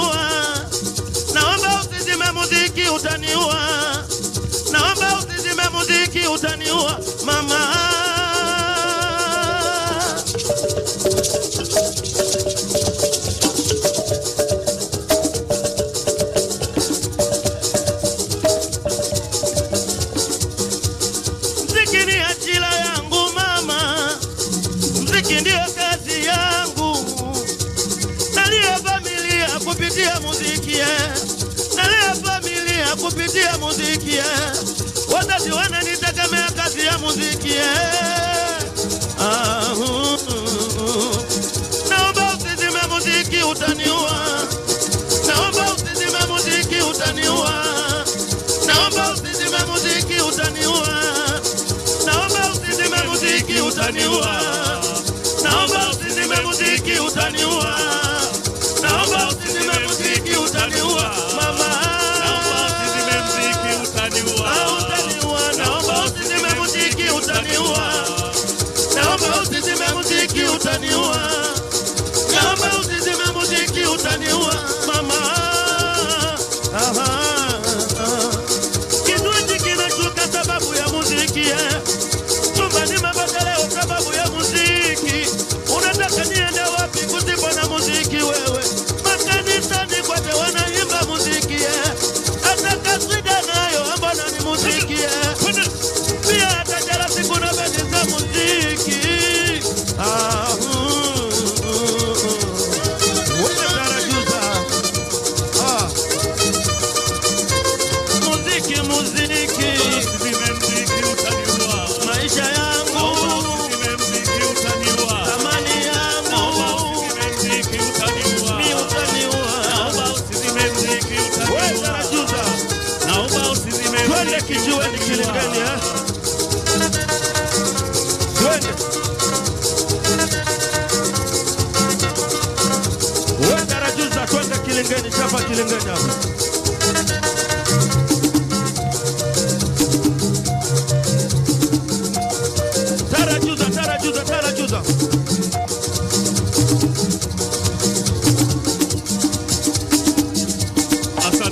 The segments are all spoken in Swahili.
utaniua, naomba usizime muziki utaniua, naomba usizime muziki utaniua mama. Mziki ni ajira yangu mama, mziki ndio kazi yangu. kupitia muziki eh. na leo familia kupitia muziki eh. wazazi wananitegemea kazi ya muziki eh. ah, uh, uh, uh, naomba usizime muziki utaniua naomba usizime muziki utaniua naomba usizime muziki utaniua naomba usizime muziki utaniua anyone. Eh? kilingeni chapa kilingeni hapa chuza tala chuza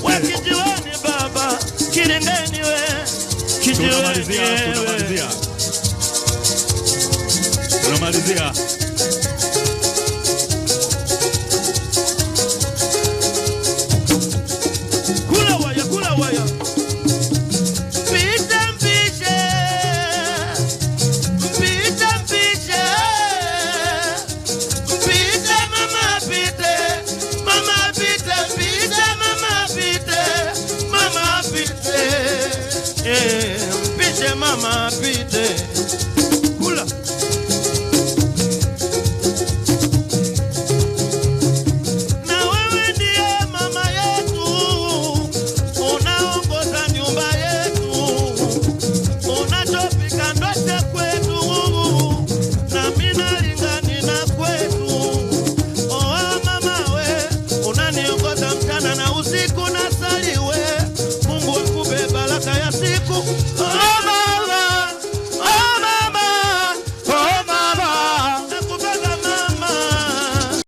wakijiweni baba kilindeni we kijiweni tunamalizia tunamalizia mama pite